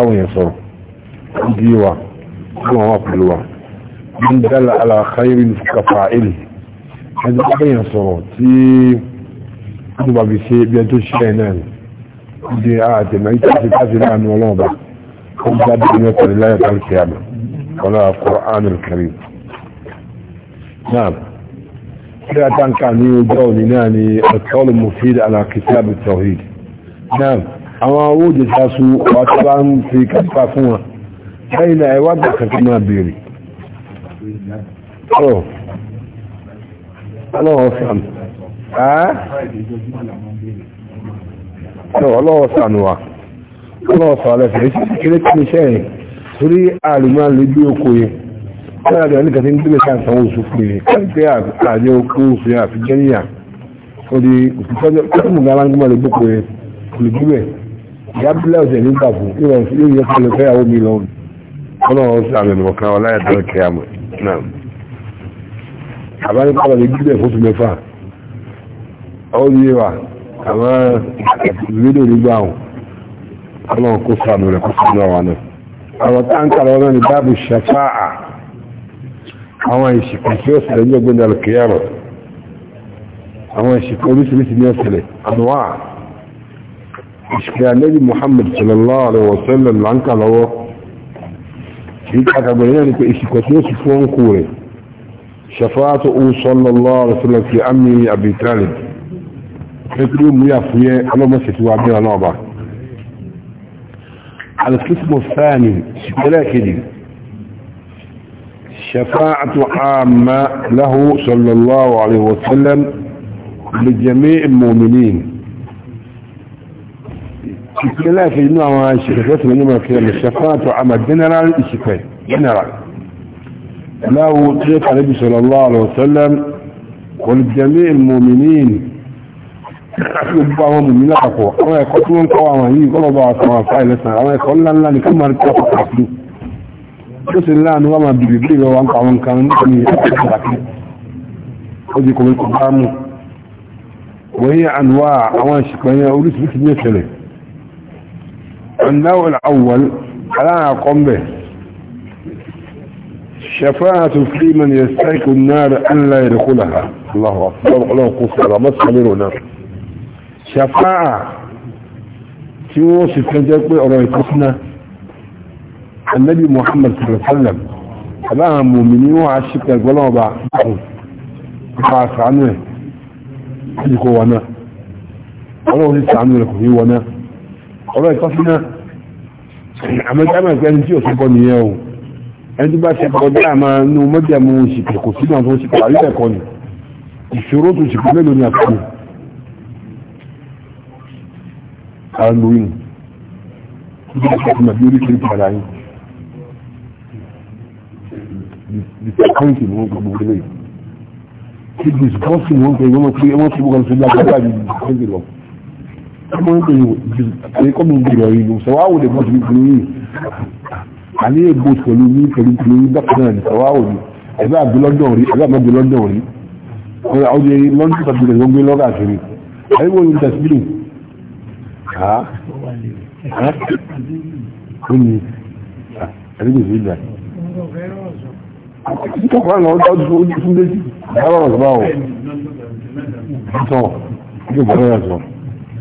báwọn yẹn sọ̀rọ̀ ìdí wa àwọn àwọn pẹ̀lú wa ní dálà aláàkáyírí kàfà èlì ẹni tó bá yẹn sọ̀rọ̀ tí wọ́n bá fi ṣe bí ẹni tó ṣe ẹ̀ náà ìdí àtẹ̀mọ̀ ìtàkì káfí láàánú ọlọ́run bá wọ́n bá bí ẹni ọkọ̀ níláyà kálùkì àmà náà kí àwọn owó jẹta su ọba tó bá ń fi kápá fún wọn lẹ́yìn náà ẹwà gbà kan tó máa béèrè ọ̀rọ̀ ọlọ́wọ́ sànù ẹ́ ọlọ́wọ́ sànù wa ọlọ́wọ́ sànù ẹ̀fẹ̀ kéré tí ní sẹ́yìn torí àlùmọ́ lè gbé oko yẹn ọ̀rọ̀ àdìwọ̀n ní kàtí ń gbé sáà sanwó oṣù fún yẹn káàkiri àjẹ́ oko yẹn àfi jẹ́ríyà ó ya bílẹ̀ ọ̀sẹ̀ nígbà fún ìwọ̀n sí ilé ìyẹ́kọ́ lè fẹ́yàwó mi lọ́wọ́ ọlọ́run sí àmì ìmọ̀kan ọláyà dára kí a mọ̀ náà àbáyé pàdé gbílẹ̀ fóṣù mẹ́fà ó yé wa àwọn ìlédò nígbà àwọn ọlọ́run kó sàmì rẹ̀ kó sàmì àwọn náà àwọn táǹkà lọ́wọ́ náà ni báàbù ṣàfáà àwọn ìṣìkò tí ó ṣẹlẹ̀ ní ọgbẹ́ni alùkìyàmọ̀ àwọn ìṣìkò oríṣiríṣi ní ọ̀sẹ̀lẹ̀ àdúrà اشكال النبي محمد صلى الله عليه وسلم لانك لو يكاك بينا لك اشكتو سفون كوري شفاعة صلى الله عليه وسلم في أمني أبي طالب فكرو ميا فيا أنا ما ستوا بينا نعبا على القسم الثاني شكلا كده شفاعة عامة له صلى الله عليه وسلم لجميع المؤمنين ìpínlẹ̀ ìfẹ́ inú àwọn ìṣẹ̀fẹ́ tó ní máa fi ẹ̀lẹ̀ ṣẹfàtò àmà general ìṣẹ̀fẹ́ general láwo tí ó kàrí bí sallallahu alaihi wasallam wal jami'il mu'minin àti gbogbo àwọn mùmí lápapọ̀ àwọn ẹ̀kọ́ tí wọ́n ń kọ́ ní kí máa النوع الاول حلانا قم به شفاعة في من يستيك النار ان لا يدخلها الله اكبر الله اكبر ما استمروا نار شفاعة في وصف كنتك بأرائكسنا النبي محمد صلى الله عليه وسلم الان المؤمنين وعشبك الولو بعضهم فقاس عنه حجكو وانا ولو لسه عنه لكم هي وانا ọ̀rọ̀ ìtọ́sínà àmọ́jáàmà ìpẹ́ ẹni tí ò sọ́kọ́ nìyẹn o ẹni tó bá ṣe kọjá àmà nínú mọ́jàmú òṣìkò kò sínú àwọn òṣìkò àríwẹ̀ ẹ̀kọ́ ni ìṣòro tó ṣìkò mélòó ni àkókò ara lóyún ìgbà ìṣẹ́kùn àbí oríkèé padà yìí disappointing wọn gbogbo eléyìí kí disgusting wọn pè wọ́n fi wọ́n fi wọ́n fi lágbára yìí disappointing lọ ọmọ ìgbè ìkọ́mù ìgbèrò ìlú sọ̀wáwò lè bọ́ sílùú pẹ̀lú yìí àní ègbò pẹ̀lú ní pẹ̀lú pẹ̀lú yìí dọ́kítà náà ní sọ̀wáwò ní ẹgbẹ́ àgbé lọ́dọ̀ rí ẹgbẹ́ àgbé lọ́dọ̀ rí ọdún yìí lọ́dún tàbí rẹ̀ wọ́n gbé lọ́gà àṣírí ẹ̀yìn wọ́n yóò tẹ̀ sí bílù ha ó ní ẹ̀rí kò sí ìgbà ìkọ̀kọ̀ àwọn ọ̀dọ́ ọdún fún déjì báwọn ọ̀sán báwọn ọ̀sán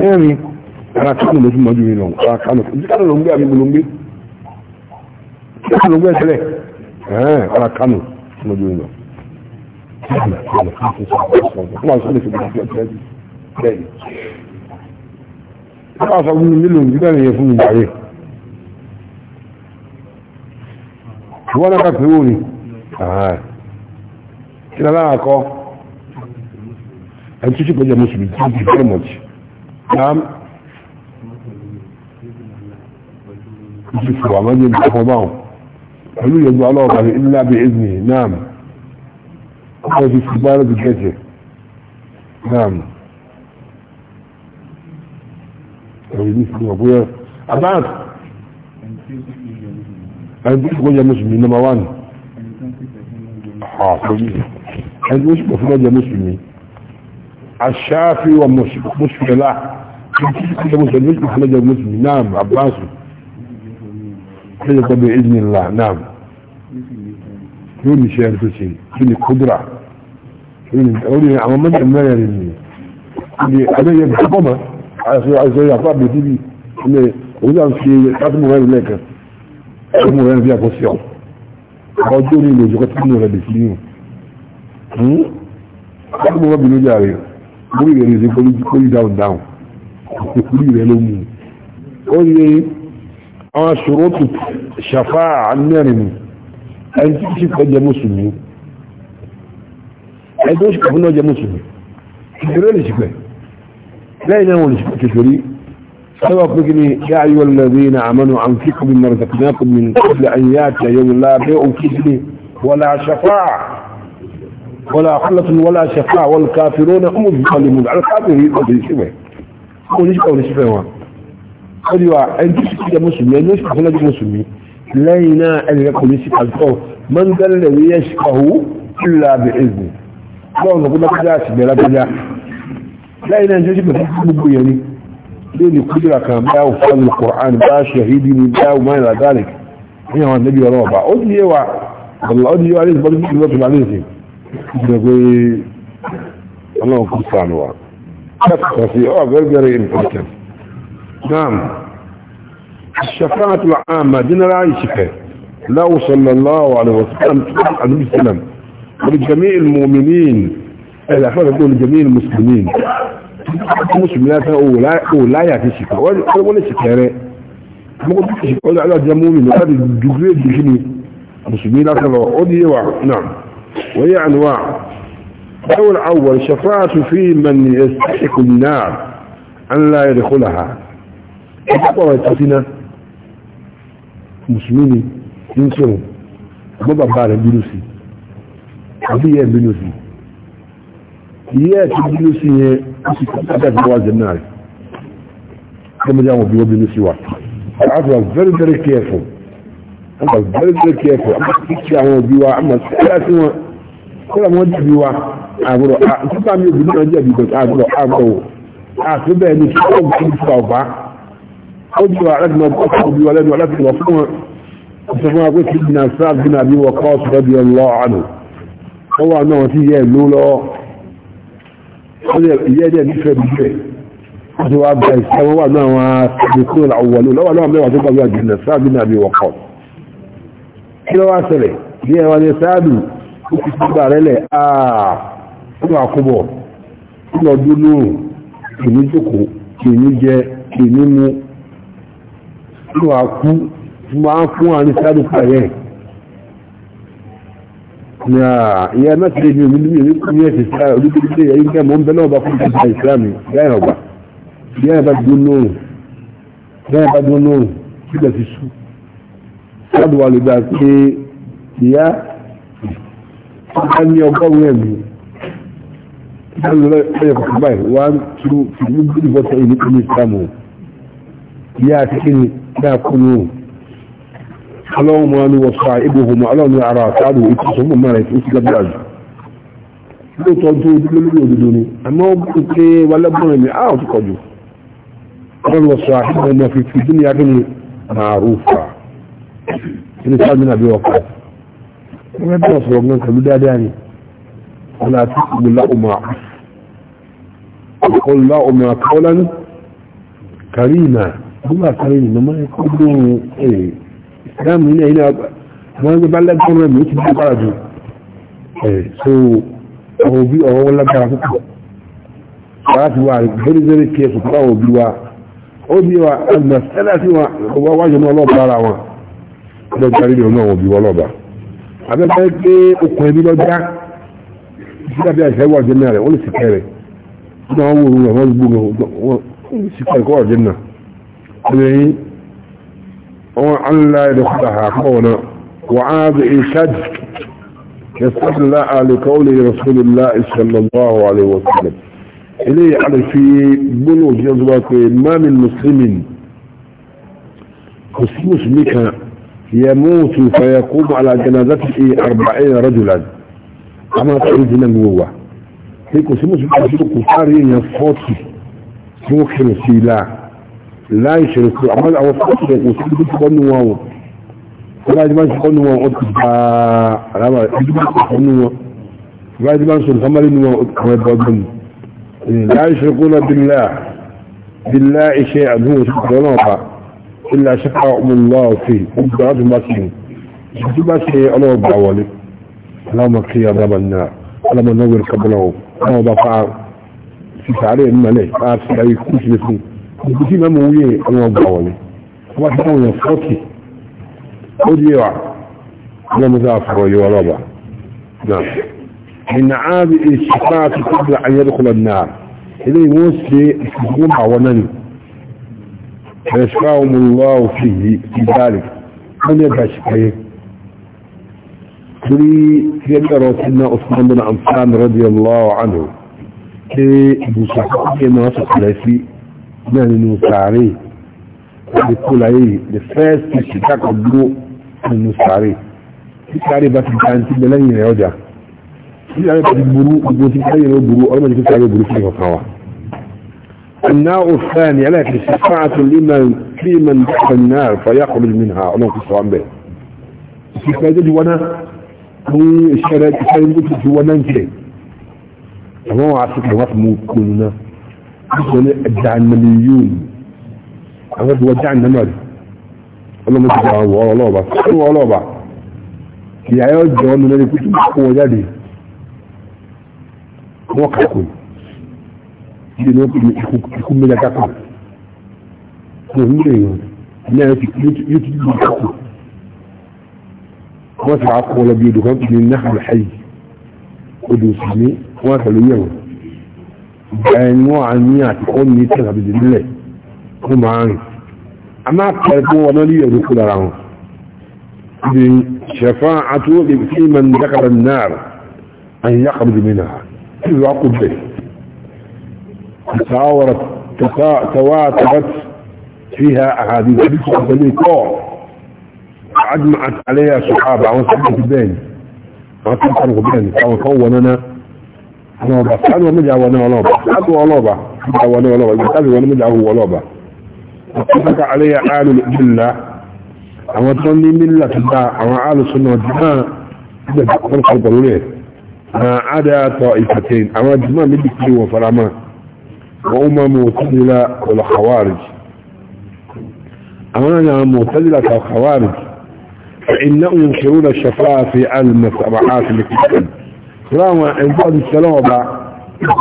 mẹ́rin ara kánò lójú mọ́jú mi náà ara kánò ojú kánò ló ń gbé àbí mo ló ń gbé kánò ló ń gbé tẹ́lẹ̀ ara kánò lójú mi náà Àwọn aṣọ fún mi nílò ìgbẹ́ rẹ̀ yẹ fún ìgbà rẹ̀. Ìwọ́n náà kàtàkì wò ní. Kí lára àkọ́? Ẹ tún ṣe pẹ̀lú ẹmọ́sùn bí i very much dam ìṣòwò àmọ́jì ìṣòwò báwọn pẹ̀lú ìyẹ̀dù aláwọ̀kà ní ilẹ̀ abẹ́ ìzìnì náàm ọkọ̀ ti fi bá rẹ̀ gẹ̀ẹ́jẹ̀ náàm ẹ̀rọ ní ìṣòwò bóyá abáàt ẹni tó ṣùgbọ́n jẹ́ mùsùlùmí nọmba ah, wán ẹni tó ṣùgbọ́n jẹ́ mùsùlùmí aṣááfi wa mùsùlùmí láà أنت مسلم محمد المسلم نعم عباس حجة بإذن الله نعم يوني شيء الفسي يوني قدرة يوني أولي عمامات ما لني اللي أمانا بحكمة عزيزي أعطاب بيتيبي يوني وإذا في حكم غير لك حكم غير فيها قصيان قدوني لو جغت كنو لبسليون حكم ربي نجاري قولي لي ريزي قولي داون داون òkùnkùn rẹ̀ ló mú ó ní àwọn ṣòrótù ṣàfà mẹ́rin ẹni tí kìí kọ́ jẹ mùsùlùmí ẹni tó ṣe kàfún náà jẹ mùsùlùmí ìṣẹ́rẹ́ lè ṣìpẹ̀ lẹ́yìn náà wọ́n lè ṣìpẹ̀ kìṣòrí سبب بقني يا أيها الذين آمنوا أنفقوا مما رزقناكم من قبل أن يأتي يوم لا بيع فيه ولا شفاعة ولا خلة ولا شفاعة والكافرون هم الظالمون على الكافرين oníṣẹ́ oníṣẹ́ wọn ó di wa ẹni tó sì jẹ́ mùsùlùmí ẹni tó sì fún lọ́jọ́ mùsùlùmí lẹ́yìn náà ẹni rẹ̀ kò ní sí àlùkò mọ́ndẹ́lẹ̀ ní yẹ́sì ọ̀hún ìlà àbẹ̀ èzì bọ́ọ̀n lọ́kọ́ lọ́kọ́já àti ìgbẹ́ lágbájá lẹ́yìn náà jọ́sí pẹ̀lú gbogbo yẹn ni lé ní kúdìrà kan bá ò fún ọmọ kọ̀ọ̀án bá ṣẹ̀hídì ní bá ò máa ìlàdálẹ̀ ní àwọn àdébí ọ̀rọ̀ ọba ó ti yé wa ọ̀là ó ti yé wa lè bọ́ شفقة فيه very very important نعم الشفاعة العامة دينا لا يشفى له صلى الله عليه وسلم عليه وسلم ولجميع المؤمنين إلى فرق دول لجميع المسلمين المسلمات لا يأتي شفاء ولا ولا شفاء ممكن تشفاء ولا على جمومين وهذا الجغرية الجني المسلمين أخرى أودي نعم وهي أنواع الأول أول شفاعة في من يستحق النار أن لا يدخلها أكبر يتفتنا مسلمين ينسون بابا بارا بنوسي أبي بنوسي ياتي بنوسي أتاك بواز النار كما جاءوا بيو بنوسي واحد العفو very very careful I'm very very careful I'm not teaching you how to be I'm not teaching àbúrò àtúntà mi òbí náà jẹ̀bi bẹ̀rẹ̀ àbúrò àbúrò àti bẹ́ẹ̀ ni kí wọ́n gbé ìfà ọ̀bá ó di wa láti máa bọ́ọ̀sì òbí wa lẹ́nu láti lọ fún wọn sọ fún wa pé kí nà sáà bí nà bí wọ kọ́ọ̀sì rẹ́bi ọlọ́ àná ó wà náà sí yẹ ló lọ ìyẹ́ dẹ̀ nífẹ̀ẹ́ bí bẹ́ẹ̀ ó ti wá bẹ̀rẹ̀ sí wọ́n wà náà wọn àti kúrò làwọ̀ lọ́wọ́ lọ́wọ́ mẹ́wàá ó wà kóbọ̀ ó lọ dúró kì ní jókòó kì ní jẹ kì ní mu ó wà kú máa fún àní sáré pààyẹ na ìyá mẹ́tẹ̀lẹ́ ní omi níbi ní ẹ̀sìn sáà olùdókòtò ẹ̀yìn nǹkan mọ́ ń bẹ́ náà bá fún ìjọba ìsìlámù ìyá ẹ̀ ọ̀gbà ìyá ẹ̀ bá dúró lóhùn ìyá ẹ̀ bá dúró lóhùn síbẹ̀ ti sú sáàdùwà lè gbà pé ìyá ọ̀gá ní ọgọ́rùn ẹ̀mí lọ́lọ́ ẹ̀yẹ kọ̀kọ̀ báyìí wà á tún fìdí gbọ́dọ̀ bọ́tà ìlú kan ní ìsìlámù yá àti kíni dáa kúnú ọlọ́run máa ní wọ́n fa ibò hùmọ́ ọlọ́run ní ara àtàlù ètò ìsọ̀mọ̀ mẹ́rin tó ti gbàgbé àjò lóòótọ́ tó dúró lórí òdodo ni àmọ́ ó gbọ́dọ̀ pé wàlẹ́bùnrin mi á ò ti kọjú ọlọ́run wọ́n fa ibò hùmọ́ fífi dúnìyà kí ni màrúfà ní sáàmì nàbí ọkọ̀ ẹgbẹ́ bí wọ́n sọ̀rọ̀ gan pẹ̀lú dáadáa ni ọlá àti ìgbòlá ọmọ àṣ قل لا أمي قولا كريما قل كريما ما يقولون إيه إسلام هنا هنا ما يقول لك أمي يتبع قرده إيه سو أهو بي أهو ولا قرده قرات وارد غير ذلك كيف قرأه بيوا أو بيوا المسألة سوى واجه الله بارعوا لو كريم الله بيوا الله بارعوا أبدا كيف أقوى بي لو جاء إسلام بيوا جميع رẹ̀ ó lè sì kẹrẹ̀ náà wò ó àwọn gbogbo wọn sí kàkọ́ àjẹ́nà ẹlẹ́yìn wọn alá ẹ̀dẹ̀ kọ́ta àkọ́ wọn wà á bẹ̀ ìṣájì يسأل الله على قوله رسول الله صلى الله عليه وسلم إليه على في بلوغ جزوات ما من مسلم خصوص مكة يموت فيقوم على جنازته أربعين رجلا أما تعيد من هو pé kò sí mùsùlùmí tó kò sáré èèyàn fọ́ọ̀tì tí wọ́n kẹrù sí ilá láì ṣẹlẹ̀ sí àwọn àwọn fọ́ọ̀tì rẹ̀ kò sí ibi tó bọ́ nù wọn o ìbáraẹni máa ń sọ nù wọn ó ti gba àràbà ibi tó kọ̀ nù wọn ìbáraẹni máa ń sọ nùsàmárì nù wọn àwọn ẹ̀bọ̀ ọdún ni láì ṣẹlẹ̀ kó lọ bílá bílá iṣẹ́ àdúgbò sí ìjọ náà pa ilà ṣẹ́fà ọmọlúwà òfin gbogbo àti bá ṣe ìṣẹ́jú bá wọlé aláwọ̀ kí àwọn ọba fa sísàárẹ̀ nílẹ̀ àṣìṣàyè kú sílẹ̀ fún ibi tí mẹ́mọ̀ wúyẹ àwọn ọgbà wọlé wọ́n ti táwọn èèyàn fọ́ọ̀kì ó di ẹwà lọ́mọdé àfọ̀rọ̀ yìí wọ́n lọ́ba náà ìnà áàbì ìṣùpá àti kọ́bìlà ayélujára náà ilé ìwọ̀n ṣe ìṣùgbọ́n àwọn náà ni ẹ̀ṣùpá ọmọ ìwà òfin yìí ti dáàlì wọ́n ní ẹ̀ka ìṣùpá yìí تري كبير سيدنا عثمان بن عمسان رضي الله عنه في ابن شهاب كما وصف لفي نحن نساري بكل ايه لفاس تشتاك عبدو من نساري نساري بس كانت لن يرجع نساري بس البروء بوتي كان يرى البروء أو ما تكون ساري بروء في فتاوى النوع الثاني لكن شفاعة لمن في من دخل النار فيخرج منها ولو في الصوان به في فايدة وانا ní ìṣẹ́rẹ́ ìṣẹ́rẹ́ tó ti ju wọ́n náà jẹ́ àwọn àṣìkò wọ́n fi mú kúrò náà wọ́n ní ẹ̀dánilẹ̀ yóò ní àwọn ìwọ̀ jáàndínlẹ̀ rẹ̀ ọlọ́mọ ti gbà wọ́ ọlọ́ọ̀bà fún ọlọ́ọ̀bà ìyá yóò jọ ọ́nà lórí kútù kó wọ́n jáde wọ́n kàkó ìdí ní ọkùnrin ikú mẹ́ta kàkó wọ́n ń lè yàn ní ẹ̀yọ́ ti yóò ti dùn وفي عقب ولا بيده كان من النحو الحي قدو سمي واتل يوم بأن يعني نوع المياتي قول نيتها بذن الله قم عنك أما أكتبه وما لي دخول عنه إذن شفاعة في من ذكر النار أن يقبض منها كل عقب به تساورت تواترت فيها أحاديث بيكو أبني كور أجمعت عليها صحابة عن صحابة بين عن صحابة بين فهو كوننا أنا بسأل ومجع وانا ولوبة أسأل ولوبة مجع وانا ولوبة بسأل وانا مجع هو ولوبة اتفق عليها آل الأجلة أما تظني ملة الله أما آل السنة والجماعة إذا تقول خلق الوليه ما عدا طائفتين أما الجماعة ملك وفرمان وأمم متدلة والخوارج أما أنا متدلة والخوارج فإنهم ينكرون الشفاعة في المسرعات التي تكون راما انتقد السلامة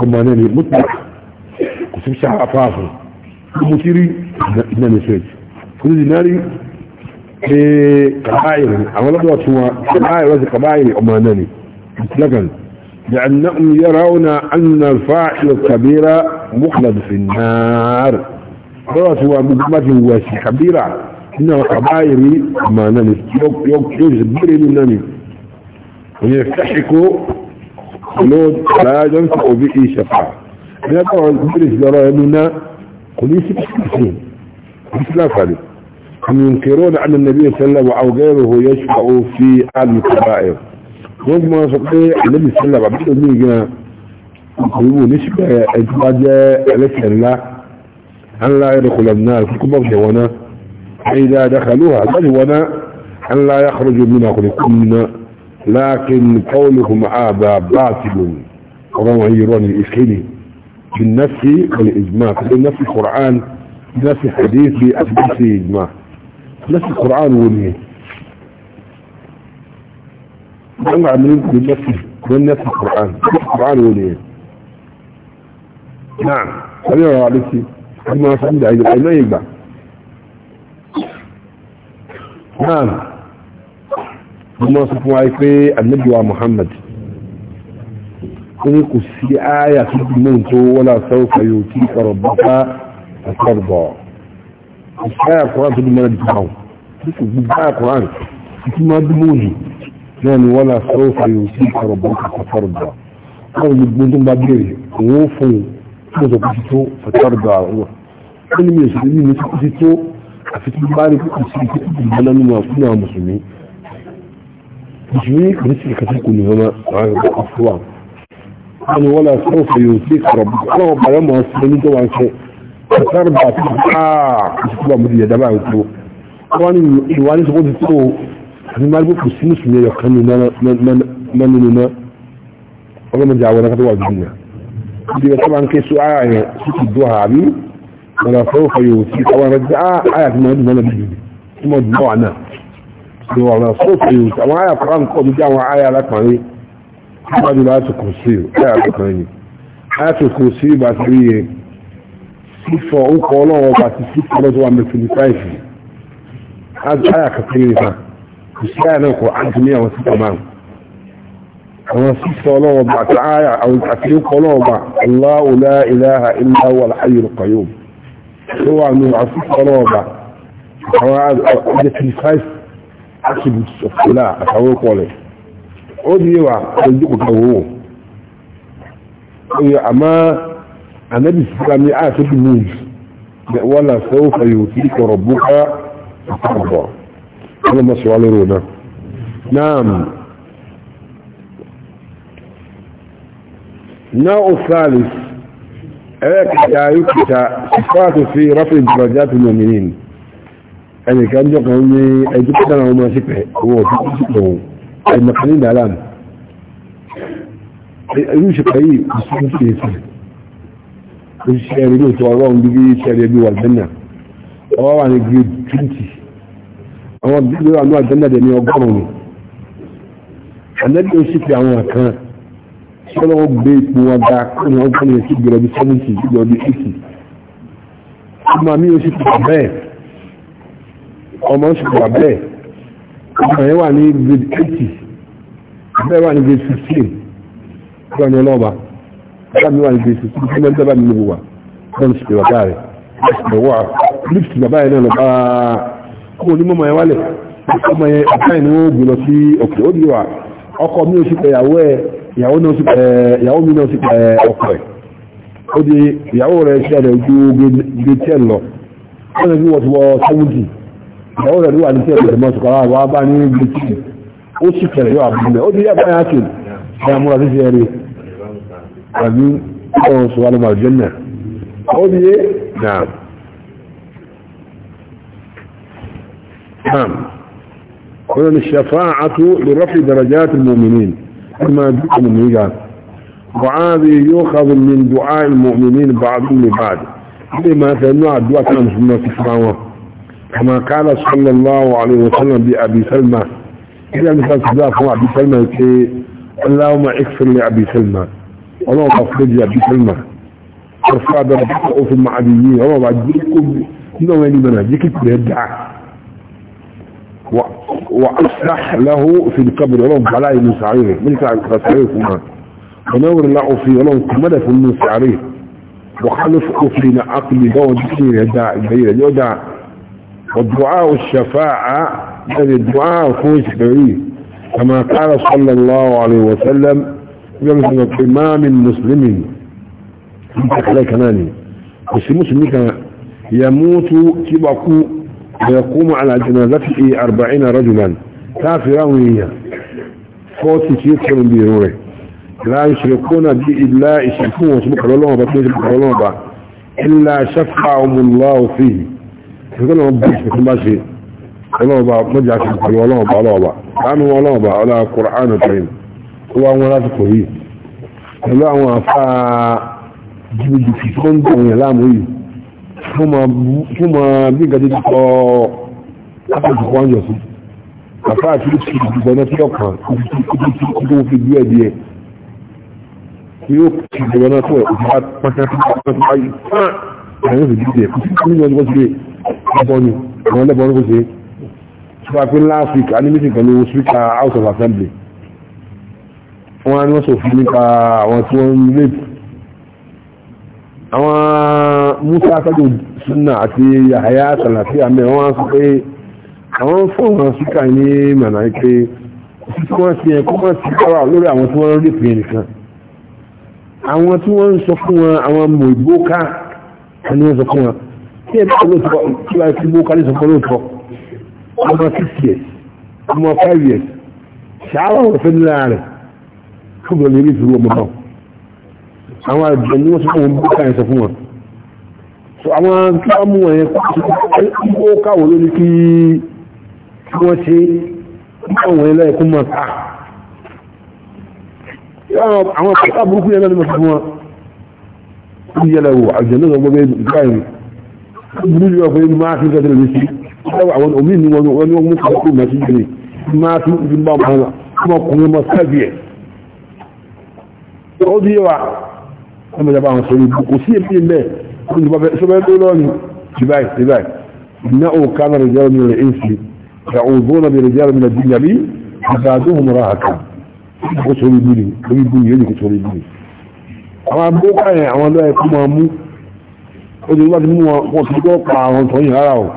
كمانين المطلق قسم شعر أفاصل المثيري إنه نسيج كل ديناري إيه، قبائل عمل بلغت هو قبائل وزي قبائل أماناني مطلقا لأنهم يرون أن الفاعل الكبير مخلد في النار بلغت هو مجمد واسي كبيرة nínú àwọn àbáyìrí àmàna ni yóò ṣe gbére ní náà ni ìyẹn fẹ́ṣikó ló aláàjọ́ ń sọ òbí ìṣẹ̀fà ní ẹgbẹ́ àwọn gbére sí lọ́rọ̀ ẹnu náà kò ní sí kìsìn kò sí láǹfààní àmì nkèrò ní àná nàbí ìṣẹ́lẹ̀ wà àwùgẹ́rù hó yẹ ṣùgbọ́n ó fi àmì kọba ẹ̀ wọ́n mọ̀ sọ pé ànábì ìṣẹ́lẹ̀ bàbá tó ní gan ìwò ní ṣùgbọ́n ẹ̀dúwájẹ́ ẹlẹ́sẹ̀ ńlá ńlá ẹ̀rọ kọlọ̀ náà kíkọ́ bọ̀ فإذا دخلوها فجونا أن لا يخرجوا منها أخلقنا لكن قولهم هذا باطل روعيرون الإسكيني بالنفس والإجماع بالنفس القرآن نفس الحديث بأثبت إجماع نفس القرآن وليه نعم عملين بالنفس بالنفس القرآن القرآن وليه نعم خلينا عليك ما سعيد عيد العلمية يقبع náà ọmọ sọ fún wa pé annabiwa muhammad ní kò sí ááyà tó dùnmọ́ tó wọ́lá sọ́ọ̀fà yóò tí kọ̀rọ̀ bá bá àkọ́rọ̀bọ̀ kò sí ááyà kọ́rán tó dùnmọ́ dùnmọ́ àwọn tí kò gbogbo ááyà kọ́rán tí máa dùnmọ́ òní náà ni wọ́lá sọ́ọ̀fà yóò tí kọ̀rọ̀ bá àkọ́rọ̀bọ̀ káwọn gbogbo tó ń bá béèrè òun ó fún un tí mo sọ kó ti tó àkọ́rọ̀bọ̀ àwọn àfi tí bá rí kókò sí kí ìgbóná nínú àkúnà àwọn mùsùlùmí mùsùlùmí kò ní sí ìkàtí kò ní ọmọ àwọn ẹgbẹ́ àfúwà wọn ni wọn lọ sọ fún yóò sí ìkàrọ bí wọn wọn bàrẹ mọ sí ẹni tó wà ń ṣe ọsàn bá ti bá kò sí tó wà mú di ẹ̀dá bá ń tó wọn ni ìwà ní sọkọ ti tó àti má rí kókò sí mùsùlùmí ẹyọ kan nínú náà ọlọ́mọdé àwọn ẹ̀ka tó wà jù ní ولا سوف يوتيك ورجع آية ما يدنا نبيه ثم دموعنا ولا سوف يوتيك وآية قرآن قد جاء وآية لك معني حمد لا تكرسي آية لك معني آية الكرسي باتريه sífọ̀ ó kọ́ ọlọ́run ọba àti sífọ̀ lọ́dún wa mẹ́fì ní fáìfì áyà kàkiri nìkan kò sí áyà náà kò ájú ní àwọn sífọ̀ máa àwọn sífọ̀ ọlọ́run ọba àti áyà àti ó kọ́ ọlọ́run ọba Allahu la ilaha illa tó wà ní àfíkọ́ ọlọ́ọ̀bà àwọn identified attributes of Allah àtàwọn kọlẹ̀ ó di yíwa ojú kòkà wò ó yẹ àmá anábì sísá ní àtúntò mood da wala sau fa yóò نعم نوع الثالث ẹlẹ́kẹta yókùta sífáàtò sí rọ́pìn ìjọjáàtò mọ̀mìnín ẹnìkan jọ kan ní ẹjú pẹ́ta àwọn ọmọ sípẹ̀ owó òfin sípò ẹ̀mọ̀kan ní ìdàlám irú ìṣẹ̀pẹ̀ yìí kò sí ní ìṣẹ̀ ó ṣiṣẹ́ rí lóòótọ́ ọlọ́run bí iṣẹ́ rí ẹbí wà lẹ́nà ọwọ́ wà ní grade twenty àwọn bí wà ní àjẹ́ndà dẹ̀ ní ọgọ́rùn-ún sọ́dọ̀ wọ́n gbé ipò wọn dáa kí wọ́n gbọ́n lè sí gbọ́dọ̀ bí seventy gbọ́dọ̀ bí eighty ọmọ mi ò sì pọ̀ bẹ́ẹ̀ ọmọ sì pọ̀ bẹ́ẹ̀ ọmọ yẹn wà ní grade eighty bẹ́ẹ̀ wà ní grade fifteen kí wọ́n ní ọlọ́ọ̀bà bẹ́ẹ̀ mi wà ní grade fifteen kí wọ́n dábàá mi níbo wà wọ́n sì pè bàbá rẹ̀ ẹ̀ wà lift bàbá yẹn náà lọ bá kó o ní mọ́mọ́ yẹn wálẹ̀ ọmọ yẹn ọ̀ká yẹn ni wọ́n gbé lọ sí òkè ó di wà ọkọ mi ò sì pẹ̀yàwó ẹ̀ ìyàwó mi náà sì pẹ̀ ọkọ̀ ẹ̀ ó di ìyàwó rẹ̀ ṣẹlẹ̀ ojú gbé tẹ́ lọ wọ́n ti wọ́n ti wọ́ sẹ́wùntì ìyàwó rẹ̀ ló wà ní tẹ́ lọ mọ́ sùkọ́ àwọn abá ní gbé tì ó sì kẹ̀rẹ̀ yóò àbúlẹ̀ ó di yàtọ̀ yà kì ẹ̀ àmúra sí ṣe rí àbí ọ̀rọ̀ sọ̀rọ̀ àlùmọ̀ àjẹ́nà ó di yé náà نعم قلنا الشفاعة لرفع درجات المؤمنين كما دعوا ميقات وهذه يؤخذ من دعاء المؤمنين بعضهم لبعض لما تنوع الدعاء كان سنة كفاوة كما قال صلى الله عليه وسلم بأبي سلمى إذا مثلا الله مع أبي سلمى اللهم اكفر لأبي سلمى اللهم اخرج لأبي سلمى ارفع درجته في المعديين اللهم اجيكم إنه جيكي كل هدعه وأصلح له في القبر ولهم بلاء من سعيره ملك سعيره كمان ونور الله في ولهم كمدة من سعيره وخلف أفلنا عقل دون جسير يدع البيئة يدع والدعاء الشفاعة يعني الدعاء فوز بريه كما قال صلى الله عليه وسلم يمثل ما من مسلم انت عليك ناني بس المسلم يموت تبقى ويقوم على جنازته أربعين رجلا كافرا وهي فوتي تيسر بيروره لا يشركون به إلا يشركون وسبحان الله بطنه سبحان الله إلا شفعهم الله فيه يقول لهم بيش بكل ماشي الله با مجع سبحان الله با الله با كانوا الله با على القرآن الكريم هو منافق هي الله وفا جبجي في صندوق دون يلام هي fún ma bí gàdé ti kọ́ ápùsù kọ́njọ sí àfáà tí ó ti dìbò náà tí ó kàn kí ó fi díẹ̀ díẹ̀ tí ó ti dìbò náà tó ẹ̀ ó pàtàkì pàtàkì ayé fún àwọn òṣìṣẹ́ díẹ̀ kò sí kí wọ́n ti lè lẹ́bọ̀ ni àwọn lẹ́bọ̀ ni kò ṣe sọ́kà pé last week a ní meeting pẹ̀lú speaker house of assembly wọ́n á ní wọ́n sọ fún nípa àwọn tí wọ́n ń lè àwọn musa sajo suna ati yahaya salafiya mẹ́ wọ́n sọ pé àwọn fún wọn síkà ní mọ̀nà pé tí wọ́n ti ẹ̀kọ́ wọ́n ti kára lórí àwọn tí wọ́n rí pè nìkan àwọn tí wọ́n ń sọ fún wọn àwọn mọ̀ ìgbóká ni wọ́n sọ fún wọn tí ẹ̀bí olóòtọ́ tí wọ́n ti gbóká ní sọ fún olóòtọ́ ọmọ six years ọmọ five years ṣááwọ̀ ọ̀fẹ́ nílá rẹ̀ kúbọ̀ lórí ìṣòro ọmọ náà àwọn àjọ ni wọ́n sọ fún wọn gbóká yẹn sọ fún wọn so àwọn tí wọ́n mú ẹ̀yẹn kó káwò lórí kí wọ́n ṣe àwọn ilẹ̀ ẹ̀kún mọ̀ sáà àwọn pàtà burúkú yẹn lọ́nà fún wọn ní yẹlẹ̀ wò àjẹ́lẹ̀ ọgbọ́n bẹ́ẹ̀ báyìí burú yọ pé máa fi gẹ́gẹ́ lórí sí àwọn omi ni wọn ni wọn mú kàkó máa ti jẹ́ máa ti fi bá wọn ọmọkùnrin ọmọ sẹ́ẹ̀bì ẹ̀ ó dí yẹ wa ọmọ ìjọba àwọn sọ̀rọ̀ kò sí èmi bẹ́ẹ̀ سبب لوني جباي جباي إنه كان رجال من الإنس يعوذون برجال من الدنيا فزادوهم راهكا قصر البني قوي البني يلي قصر البني àwọn agbókà yẹn àwọn ọlọ́ ẹ̀kú máa mú ó ti wá ti mú wọn ti gbọ́ pa àwọn tó yìn ara ọ̀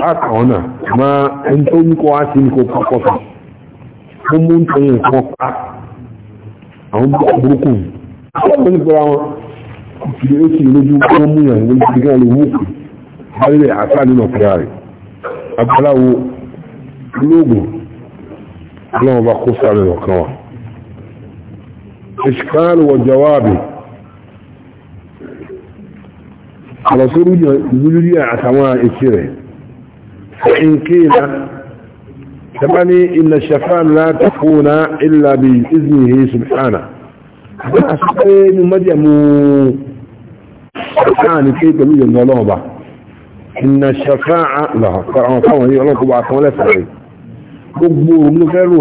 láàkà wọn náà ma ẹni tó ní kọ́ á sí ní kò pọ̀ sí ó mú ń tọ́yìn ẹ̀kọ́ pa àwọn burúkú ọ̀pọ̀ nípa wọn kùtùlé ó sì lójú wọ́n mú yàn lójú bí wọ́n lè wó kù báyìí àṣà nínú ọ̀pẹ̀lá rẹ̀ agbáláwo olóògùn ọlọ́run bá kó sáré ọ̀kan wa ìṣkáàlù wọ jawaabi àlọ́sọ́rú ìlúlúrí àtàwọn èkì rẹ̀ ìkíla tàbí ilẹ̀ shafan láti fún ilẹ̀ bí iznihi subhana bá a sọ pé ní mọ́jẹ̀mú ṣàfáà ní pé pẹ̀lú ìyọ̀nà ọlọ́ọ̀bà ìnà ṣàfáà àwọn fáwọn yìí ọlọ́kọ̀ọ́bà àtàwọn lẹ́sàrẹ̀ gbogbo òun ló fẹ́ rò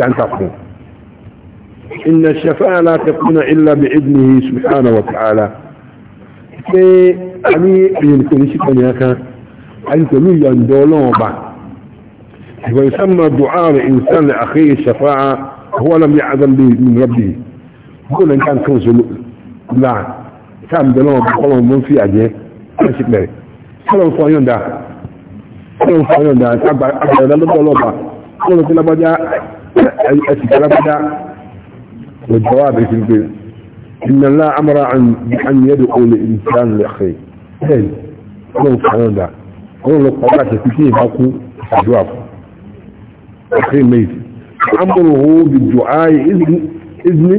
láti takò إن الشفاعة لا تكون إلا بإذنه سبحانه وتعالى أمي يمكن شكرا أنت مليون ويسمى دعاء الإنسان لأخيه الشفاعة هو لم يعظم به من ربه góòlù nǹkan kan ṣe náà káà ń bẹ náà kọ́lọ̀ mọ́ fi àjẹ́ ẹ̀sìn pẹ̀rẹ̀ kọ́lọ̀ fún ọyọ̀ǹda kọ́lọ̀ fún ọyọ̀ǹda agbàdà lọ́dọ̀ ọlọ́ba kọ́lọ̀ fún lágbájá ẹ̀sìn lágbájá lọ́jọ́ àbẹ̀ fi gbé إن الله أمر عن أن يدعو لإنسان لأخيه bẹ́ẹ̀ ọlọ́run fàánà dà ọlọ́run kọ́ láti fi kí ìbá kú àdúrà fún ọkẹ́ méjì amúrò ó bìjọ ààyè ìzmí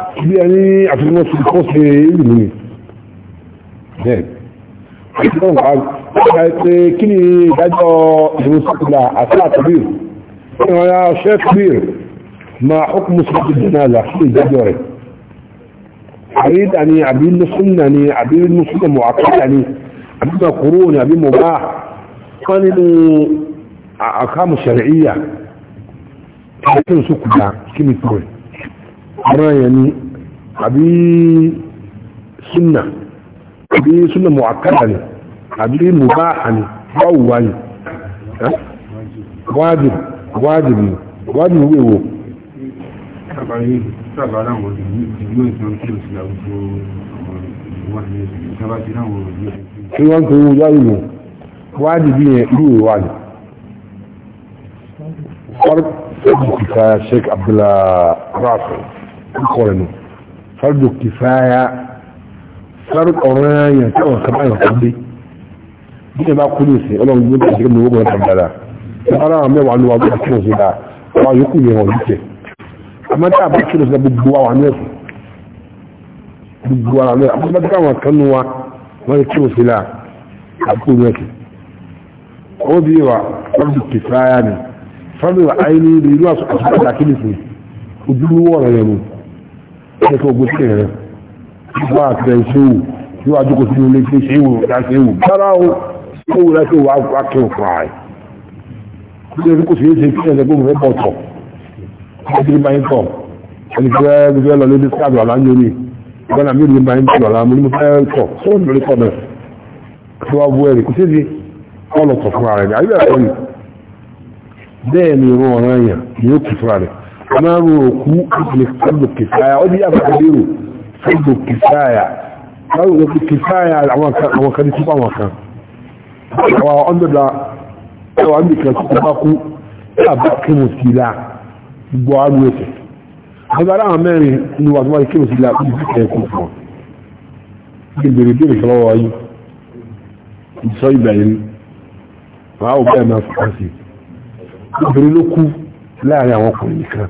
bí ẹni àfihàn sí kọ́ sí ìlú mi bẹ́ẹ̀ àfihàn wà á pé kí ni ìdájọ́ ìlú sọ́kùnlá àti àtàbír kí wọ́n yá ṣẹ́kùbír ma ọkùnrin sọ́kùnlá jẹ́nàlá sí ìdájọ́ rẹ̀ àrídà ni àbí lọ́sùnà ni àbí lọ́sùnà mọ̀ àkọ́kà ni àbí mọ̀kúrò ni àbí mọ̀ bá wọ́n nínú àkámù ṣẹ̀rẹ̀ ìyà kí ni sọ́kùnlá kí ni tó rẹ̀ ọ̀rọ̀ yẹn ni àbí súnà àbí súnà mu'akkada ni àbí mùbáhà ni báwo wá ni wájib wájib ni wájib wé wo. sábà láwọn ìlú ìsàn kí o sì láwùjọ ìwà ní ẹ̀sìn sábà ti láwọn ìlú ẹ̀sìn. kí wọ́n ń pe owó yáyìí nù wájib yẹn irú ìwà ni. فرق ابنك شيخ عبد الله رافع kọrẹnu fardu kifaya fardu ọ̀ràn yẹn tí wọ́n kaba yẹn kọ́ dé bí ẹ bá kú ní ìsìn ọlọ́run yóò bẹ̀rẹ̀ ní owó ọ̀rọ̀ dáadáa ẹ bá ráwọn mẹ́wàá ló wà bí kí wọ́n ṣe dáa wọ́n yókù yẹn wọ́n yìí tẹ̀ àmọ́ tí a bá kí wọ́n ṣe gbogbo wa wà mẹ́sùn gbogbo wa mẹ́sùn àmọ́ tí wọ́n kan nu wa wọ́n yẹ kí wọ́n ṣe dáa àbúkú mẹ́sùn ó bí wa fardu kifaya ni fardu àìní ìlú àṣọ àṣọ àṣọ àṣọ àṣọ ṣe kó gbé sí rẹ̀ wá àtẹ ìṣòwò tí wàá jókòó sínú ilé tí ṣe ìwò láti ìwò gbára o ó wù láti ìwò akẹ́ òkú àì kí ló kó sì ṣe kí ẹ̀sẹ̀ gbóhùn rẹ̀ bọ̀ tọ̀ ó ti báyìí tọ̀ ẹni tí wọ́n ti fẹ́ lọ lórí sáàdù àlánjórí ìgbọ́n àmì ìlú báyìí tọ̀ làmú ní mo fẹ́ tọ̀ sọ́wọ́n lórí kọ́ tí wọ́n bu ẹ̀rì kò sí ti ọlọ́tọ̀ fúnra rẹ̀ bẹ́ẹ̀ ni ìrún ọ̀rọ̀ ẹ̀yàn ni ó kù fúnra rẹ̀ kamaru òkú ìfẹ̀lẹ̀ kìfàyà ó ní àfẹ́kẹ́lérò fẹ́lẹ̀ kìfàyà láwọn òkú kìfàyà àwọn kan ní túbọ̀ àwọn kan àwọn ọ̀ndọ̀dà àwọn àmìkan tó bá kú àbá kíwò sílá gbọ́ àrú ẹ̀sẹ̀ ọjọ́ ara àwọn mẹ́rin ni wà tó wáyé kíwò sílá ní ìfẹ́ ẹ̀kọ́ fún ọ bèrè bèrè kan lọ́wọ́ yìí ìsọ ìgbà yìí wàá ò bẹ́ẹ̀ máa fọ́ sí láàrin àwọn ọkùnrin nìkan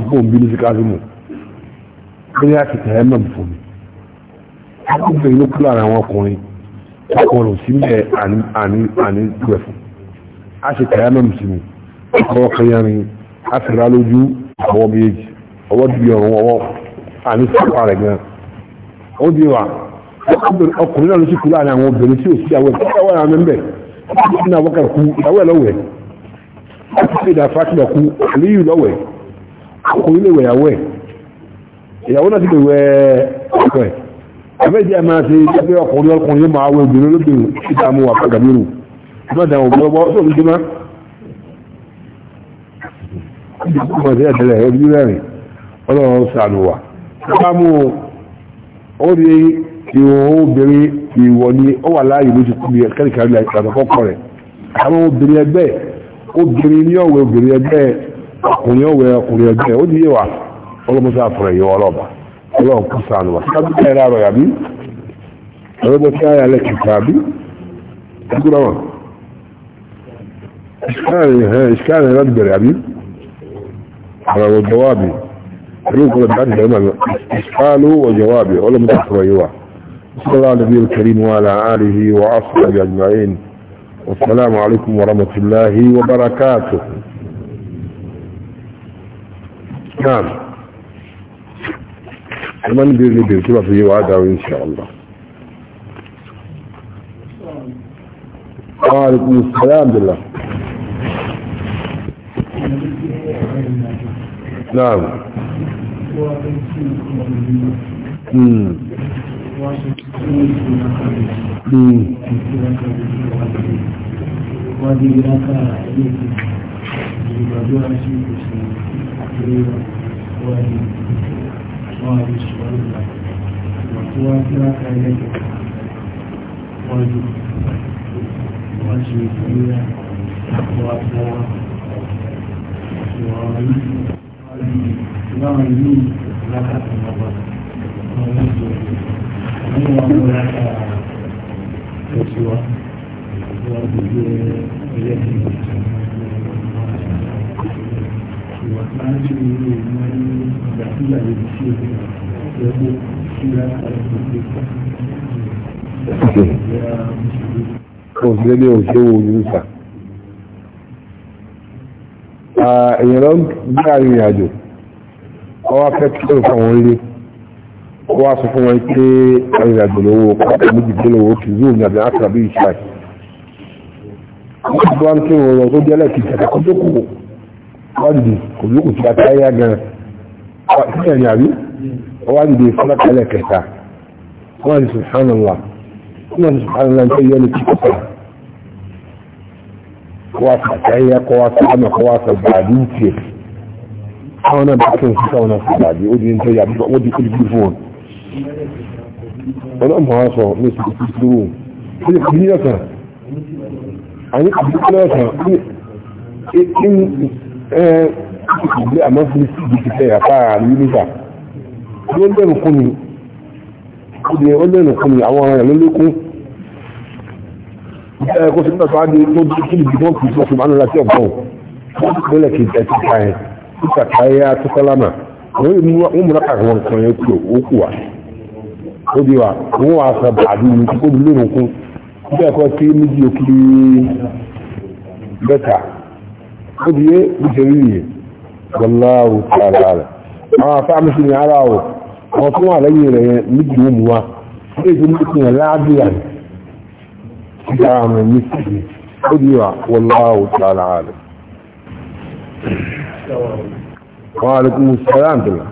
àpò òbínú sí kásímù bóyá àti tẹ̀yẹ́ mọ̀ fún mi akọ́bìnrin ló kúrò ara àwọn ọkùnrin ọkùnrin sí mẹ́ àní gbẹ̀ fún a ṣe tẹ̀yẹ́ mọ̀ sí mi ọwọ́ kanyarin a sì rá lójú ọwọ́ méjì ọwọ́ dìbì ọ̀run ọwọ́ àní sápá rẹ̀ gan ó di wa ọkùnrin náà ló sì kúrò ara àwọn obìnrin tí ò sí àwọn ìyàwó ara mẹ́mbẹ̀ ọkùnrin náà wọ́kà kú ìyàwó ẹ̀ lọ́wẹ̀ ó ti ṣe ìdá Fatima kú àlíyù lọ́wẹ̀ kò ní lè wẹ̀ ìyàwó ẹ̀ ìyàwó náà ti lè wẹ̀ ọkọ ẹ̀ àmẹ́jì ẹ̀ máa ṣe pé ọkùnrin ọkùnrin máa wẹ̀ obìnrin olóbìnrin síta mú wà pàgà mírù mọ́ta òbí ọgbọ́ sóò ní dúmá ìjọba sí ọlọ́run sànù wà bá mú ó rí ìwọ̀ obìnrin ìwọ̀ ni ó wà láàyè lójú kúbi kẹ́ríkẹ́rí àtàkọ́kọ́ rẹ̀ àwọn obìnrin ẹgbẹ́ obìnrin ní ọ̀wẹ̀ obìnrin ẹgbẹ́ ọkùnrin ọwẹ ọkùnrin ọjọ́ ó di yé wa ọlọmọsá fúnra yìí ọlọba ọlọ́run kú sànù wa sábà bẹ́ẹ̀ rárọ yàbí ọlọmọsá ayálẹ kìkà bí ẹgbẹ́ wọn ìsikáàrin ẹ ìsikáàrin láti bẹ̀rẹ̀ yàbí àràwọ jọwáàbì ẹgbẹ́ ìkọlọ dáàdì bẹ̀rẹ̀ màmí ìsikáàlù wọ jọwáàbì ọlọmọsá fúnra yìí wa صلى الله عليه الكريم وعلى آله وأصحابه أجمعين والسلام عليكم ورحمة الله وبركاته نعم ما ندير ندير كما في وعدها إن شاء الله وعليكم السلام بالله نعم امم امم وادي ìgbéyàwó wà ní wọ́n àti ṣùgbọ́n ìgbà wọ́n tí wọ́n tí wọ́n káyé wọ́n ju wọ́n ṣe ìgbéyàwó wọ́n tí wọ́n ṣe wọ́n rí láwọn ìlú lákàtà ọgbà wọ́n ń jẹ́ ní wọ́n mú lákàtà ẹ̀ṣùwọ́n wọ́n ti gbé ẹlẹ́sìn ìgbésẹ̀ ní ilé ìmọ̀ ní ìgbà tí ìyàwó sí ẹgbẹ́ síra àìsàn òṣèlú òṣèlú òṣèlúfà èèyàn lọ bí àrin àjò ọwá fẹ́ kí ó fáwọn ilé ó wá sọ fún wọn pé àrin àjò lówó pàtàkì méjìdínlówó kì zoo ní àbí àkàrà bí ìṣáì wọ́n ti wá ń kí tó jẹ́ lẹ́kìtì àtàkọ́jọ́kùnrin wádìí kò lókùn tí a ti ayé gan kíkẹ́ ni àbí wádìí fọlákàlẹ̀ kẹta wọ́n ti subhanallah wọ́n ti subhanallah ní ẹyẹ ní kíkọ́ kowa sa tayya kowa sa ama kowa sa badi ce a wannan bakin su kawo nasu badi ojin ta yabi ba ojin kudi kudi fon wani amma wasu ne su kudi kudi kudi kudi yasa an yi kudi kudi yasa in ìgbé àmọ́ fún ìsìnkú ti fẹ́ àpára àrí nígbà ó lẹ́nu kún ni ó lẹ́nu kún ni àwọn ọ̀rọ̀ lólékún ẹ̀ di tó bí kí nìbí wọ́n fi sọ fún mánú láti ọ̀gbọ́n lọ́lẹ̀ kì í tẹ̀ sí o nígbà káyẹ àtúkọ́lámà wọ́n yìí a خذيه بجريه والله تعالى اعلم اه فاعمل شنو يعني على هو مطلوع علي مديوم هو ايه ممكن اللاعب يعني دعم مستحي خذيه والله تعالى اعلم وعليكم السلام بالله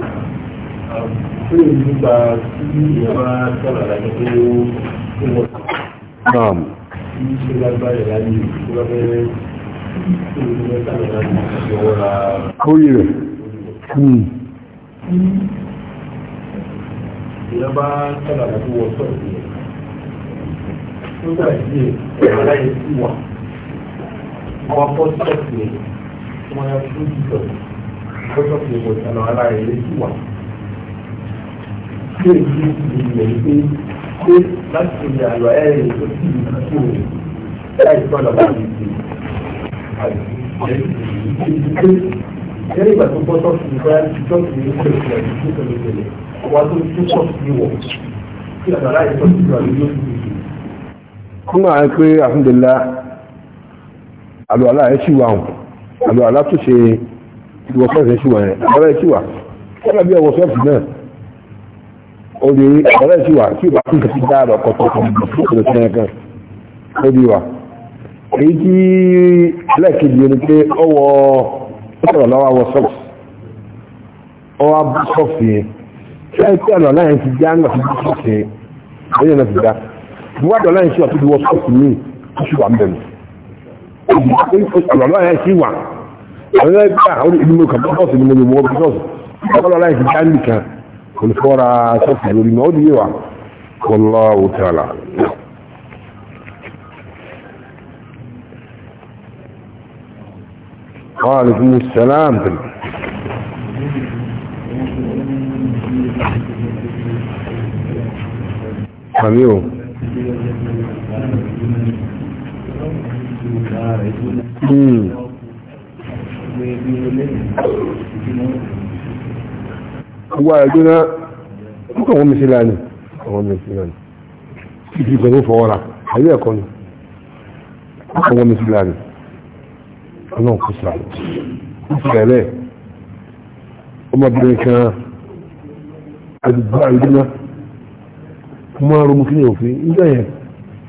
نعم orí hmm. láti ṣe àlọ́ ẹ̀rìn tó sì ní kí òun láì tọ́lá bá lè ṣe lẹ́yìn tó gbọ́dọ̀ sí ìgbà ìjọ kìí ní ìgbà ìgbà ìjọ pẹ̀lú ìgbẹ̀lẹ̀ ọba tó tún pọ̀ sí ìwọ̀ kí àgbàrá ìjọ sí ìgbà ìjọ sí ìgbà. kún máa ń pé àfúndélá àlùalá ẹ̀ sì wà hàn àlùalá tó ṣe ìwọ fẹ́ẹ̀fẹ́ sì wà yẹn àgbàrá ẹ̀ sì wà kọ́lá bí ọwọ́ fẹ́ẹ̀fì náà ó lè àgbàrá sì wà tí ìbá kún kẹsí dáadọ̀ kọ̀tọ̀kọ̀ èyí tí lẹ́ẹ̀kejì ni pé ọwọ́ ọ̀sọ̀rọ̀ lọ́wọ́ wọ sọ́ọ̀sì ọwọ́ bú sọ́ọ̀sì yẹn lẹ́yìn tí ọ̀nà láyé ti já ńgbà tó bú sọ́ọ̀sì yẹn lẹ́yìn náà ti já buwádọ̀ láyé sí ọ̀tún wọ sọ́ọ̀sì míì ó sì wà ń bẹ̀rù ọ̀nà láyé sí wà àwọn ẹgbẹ́ bí àwọn ìdílé kan bọ́ sọ́ọ̀sì ni mo lè wọ́ bí sọ́ọ̀sì ọ̀nà láyé ti já nìkan kò ní fọ́ra sọ́ọ̀sì lórí mi ó di yé wa kọ́ńlá òtí àlà. وعليكم السلام حبيبه هو يجونا هو مثلاني هو مثلاني يجي بنو فورا هل يكون هو مثلاني ọlọ́run kò sàrò ìfẹ̀lẹ̀ ọmọbìnrin kan àdúgbò àrídínà mo máa ronú kí ni òfin nígbà yẹn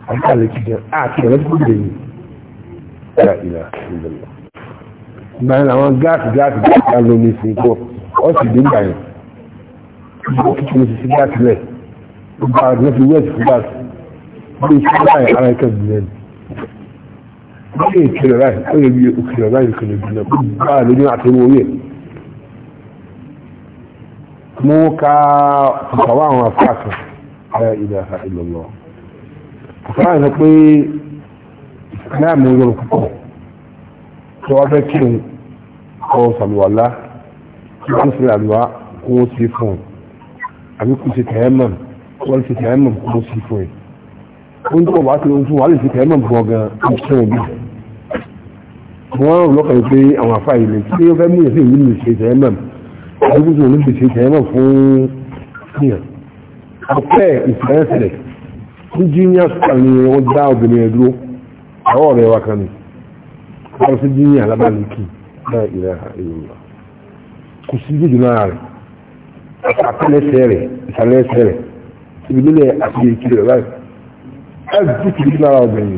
àdúgbò àlẹ́ kìí gan àti ìrẹ́lẹ́ tó lè yìn ìlà ìlà ìlà ìgbà yẹn àwọn gáàsì gáàsì gáàsì á lọ ní ìsìn pọ̀ ọ́ sì dé ìgbà yẹn ó kí mo sì sí gáàsì lẹ̀ gbogbo àgbẹ̀ fi wẹ́ẹ̀sì fún gáàsì bí ìṣẹ́ láyé báyìí kìlọ̀ báyìí ó lè bí òkìlọ̀ báyìí kìlọ̀ jùlọ kó bá a lójú àti owó yẹ. mo ka ọ̀sàwọ̀ àwọn afáàkàn ayé ilẹ̀ ìlọ̀lọ̀ ọ̀sàwọ̀ àti pé ìsìláàmù yọrọ púpọ̀ tó wá fẹ́ kírun kọ́ sàlùwàlá kí wọ́n fi àlùwà kó o sí fún un àbí kò sí tẹ̀ẹ́mọ̀ wọ́n sì tẹ̀ẹ́mọ̀ kó o sí fún un. ó ń tọ́ bá ti ń tún wàhálì sí tẹ̀ẹ́mọ̀ gan-an kí wọ́n bí wọ́n rò lọ́kàn pé àwọn afá ilẹ̀ tí ó fẹ́ mú ìyẹ̀sẹ̀ ìlú lè ṣe tẹ́ẹ̀mọ̀ àdúgbò tó lè ṣe tẹ́ẹ̀mọ̀ fún yàn ọ̀pẹ́ ìfẹ́ẹ̀sẹ̀ ní jíníà sùpà ni wọ́n dá obìnrin ẹ̀dúró àwọn ọ̀rẹ́ wa kan ni wọ́n sí jíníà alábàlẹ̀ kì náà ìrẹ́ ìrọ̀lá kò sí jíjù náà rẹ̀ àtàkùnlẹ̀sẹ̀ rẹ̀ ìsàlẹ̀sẹ̀ rẹ̀ ibi nílẹ̀ àti ìkìlẹ̀ rẹ̀ láì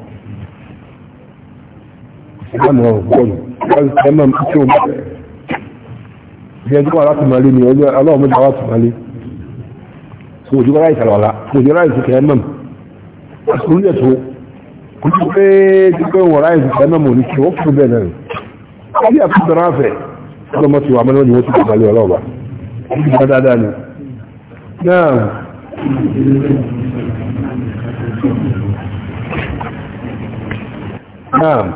ìdáàmú ọ̀rọ̀ bọ́ọ̀lù ẹ máa ń tí ó mọ̀ bí ẹjọ́ wà láti máa lé ni ọjọ́ ọlọ́run mẹ́ta wà tó máa lé kò jù láì sàlọ̀ ọ̀la kò jù láì sí kẹ́ẹ̀mọ̀ àsìkò ní ẹ̀tọ́ kò jù pé tí pé wọ̀n láì sí Naam.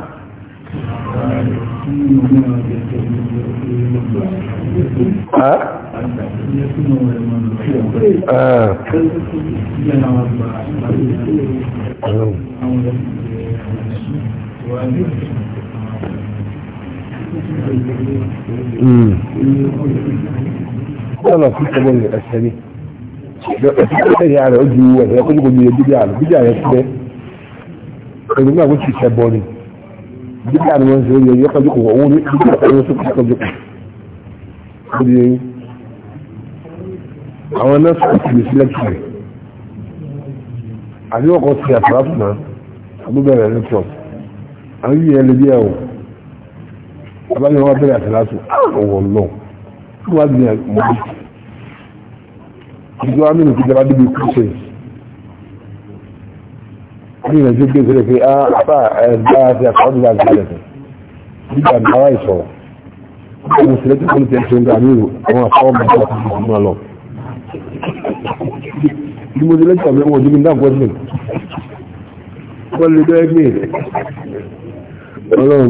Ọ̀nà ah. hmm. fún ọmọ ẹ̀ṣẹ̀ ni. Ẹ̀ṣẹ̀ ni ara ojú ẹ̀ṣẹ̀ kó ní kò ní ẹbí bí àrùn, bí àrùn ẹ̀ṣẹ̀. Ẹ̀rùn náà wọ́n ti ṣẹ̀bọ ni bíkà ni wọ́n ṣe yẹ yẹ kọjú kò owó ní bíkà ni wọ́n ṣe kọjú kọjú kò ó di yẹn àwọn nọ́ọ̀sì kò tìlẹ̀ sí lẹ́kìtì àti ọkọ̀ sí àtàràtù náà àbúbẹ̀rẹ̀ lẹ́kìtì àwọn yìí yẹn lè bí ẹ̀wọ̀ abájọ wọn bẹ̀rẹ̀ àtàràtù ah, ọ̀wọ̀ lọ tí wọ́n á di yẹn mọ́ ìjọba mímu ti jẹba débi kúṣẹ́ yìí nínú ah, tí ó gbé sílẹ̀ pé àpá ẹ̀dá àti àkọ́dúnlá sílẹ̀ fún nígbà náà ìṣọ̀rọ̀ ọmọ sílẹ̀ tí kọ́lù tẹ̀sí ọgbà ní àwọn àkọ́ọ̀mù tó ti di ìgbìmọ̀ lọ bí mo ti lẹ́tọ̀ mẹ́wọ̀n ojú mi náà gọ́ọ̀sìn kọ́lù bẹ́ẹ̀ gbé ọlọ́run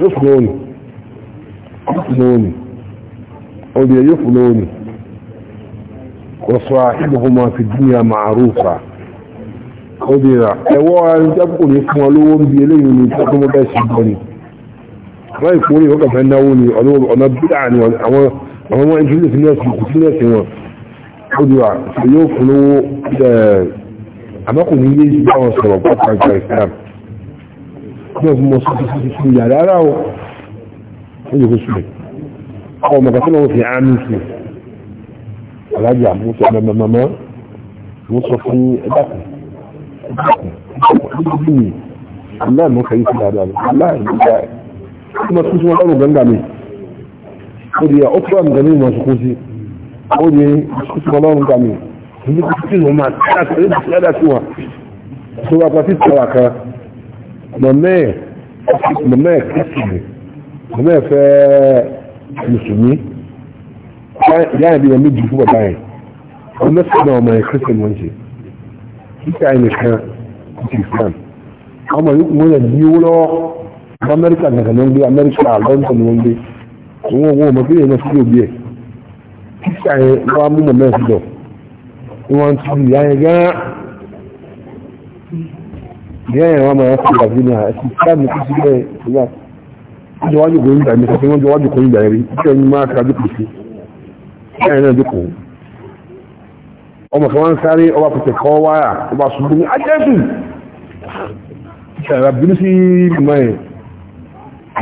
yóò fún lóòní yóò fún lóòní ọdún yóò fún lóòní wọ́sọ̀ àhìbùkún máa fi dúnyà màárùfà ọdún yà ẹ̀wọ́ ẹni tí a kò ní fún ọ lówó ń bi eléyìí ní tí a tó mọ́ bẹ́ẹ̀ sí gbọ́ ni wọ́n ìkó ní ìwọ́kàfẹ́ náwó ni ọ̀nà bídà ni àwọn àwọn ọmọ ìjọba ìsinmi ẹ̀sìn kò sí ẹ̀sìn wọn ọdún yà yóò fún lówó àmọ́kùnrin yé ìgbà wọn sọ̀rọ̀ pátá ìgbà bẹ́ẹ̀ fún mọ́ sí fún yàrá rárá o ó yẹ kó sílẹ̀ ọmọ kan tí wọ́n fi àánú sí alájà mo sọ ọmọ mọ́mọ́ mo sọ fún ẹ̀dàkùn ẹ̀dàkùn ẹ̀dàkùn aláì mo fẹ́ yí sí dáadáa aláì mo fẹ́ yí mo tún sí wọn lọ́rùn gbẹ̀ngà mi ó mọ̀mẹ́ mọ̀mẹ́ kìtìrì mọ̀mẹ́ fẹ́ mùsùlùmí yáà bí ẹ̀mí jù fún bàbá wọ́n mẹ́sàn náà ọmọ yẹn kírísítẹ̀n wọ́n ṣe kíkà yẹn nìkan ti islam ọmọ yìí wọ́n yẹn bí wọ́n amẹ́ríkà nìkan ló ń gbé amẹ́ríkà lọ́ńtọ̀ ló ń gbé wọ́n wọ́n mọ̀ pé yẹn náà bí ẹ̀ kíkà yẹn lọ́wọ́ mú mọ̀mẹ́ sí wọ́n ti yà gán bẹ́ẹ̀ wọ́n máa fi ìgbà nínú àti ìsáàmù tó ti bẹ́ẹ̀ ìgbà ó jọ wájú kòyìn ìgbà mẹ́ta tí wọ́n jọ wájú kòyìn ìgbà rí tí ẹni máa kájú kò sí bẹ́ẹ̀ náà dé kò ọmọ kan wá ń sáré ọba pẹ̀tẹ̀ kọ́ wáyà ọba ṣubú ní ajẹ́sù ṣàrà bínú sí ìgbìmọ̀ yẹn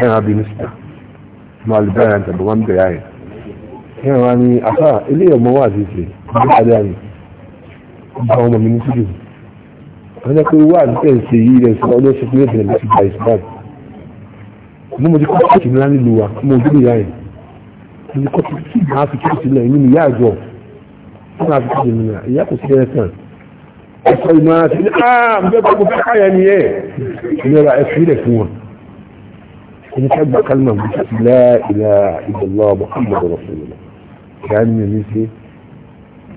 ẹ̀rọ bínú sí máa lè bẹ́ẹ̀ àti àbọ̀ máa ń bẹ̀rẹ̀ ayẹ̀ ẹ̀rọ wa ni àfà ilé ọmọ wà sí ìṣe ìgbà ọmọ mi ní sídìí wọ́n jẹ́ pé wà ní ẹ̀sẹ̀ yìí rẹ̀ sọ ọdún ṣe pé ẹ̀bẹ̀rẹ̀ ti gba islam mo mọ̀ sí kọ́tìkì ńlá nílùú wa mo dúró ìyá rẹ̀ mo ní kọ́tìkì tí màá fi kíkì sílẹ̀ nínú ìyá àjọ tí màá fi kíkì sílẹ̀ ìyá kò sí ẹ̀ sàn ẹ̀sọ́ ìmọ̀ àti ní ah mo fẹ́ gbogbo fẹ́ káyà ni ẹ̀ ìlera ẹ̀sọ́ ilẹ̀ fún wọn ẹni ká gba kálmà mo sì lá ìlà ìdọ̀lọ́ muhammadu rasulillah kí á ní ẹni sí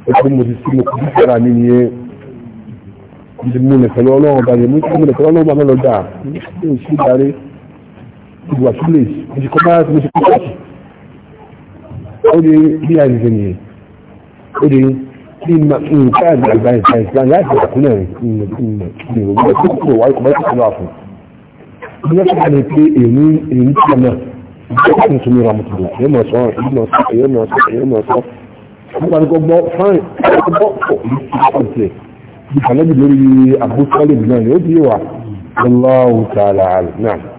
ẹ̀sọ́ mo ti sí mo kò múlẹ̀ pẹ̀lú ọlọ́run ọba yẹn múlẹ̀ pẹ̀lú ọlọ́run ọba lọ dáa ní oṣù darí ìgbà sílẹ̀ oṣù kọ́ báyà tí mo ṣe kọ́ pàṣẹ. ó lè bí àìsàn nìyẹn ó lè bí nǹkan àgbà ìsàn ìsàn láti ìdàkúnlẹ̀ rẹ̀ ìròyìn tó kúrò wáyé kọ́ báyà tó lọ àfọ̀. bí wọ́n ti kàlẹ̀ pé èmi èmi tí a náà ìjọba tó ń sunmi ra mọ́tò lọ èyí mọ̀ sọ èyí mọ̀ sọ èyí mọ̀ sọ èyí mọ̀ sọ الحلال لوري أبو طالب نعم يدي الله تعالى عالم نعم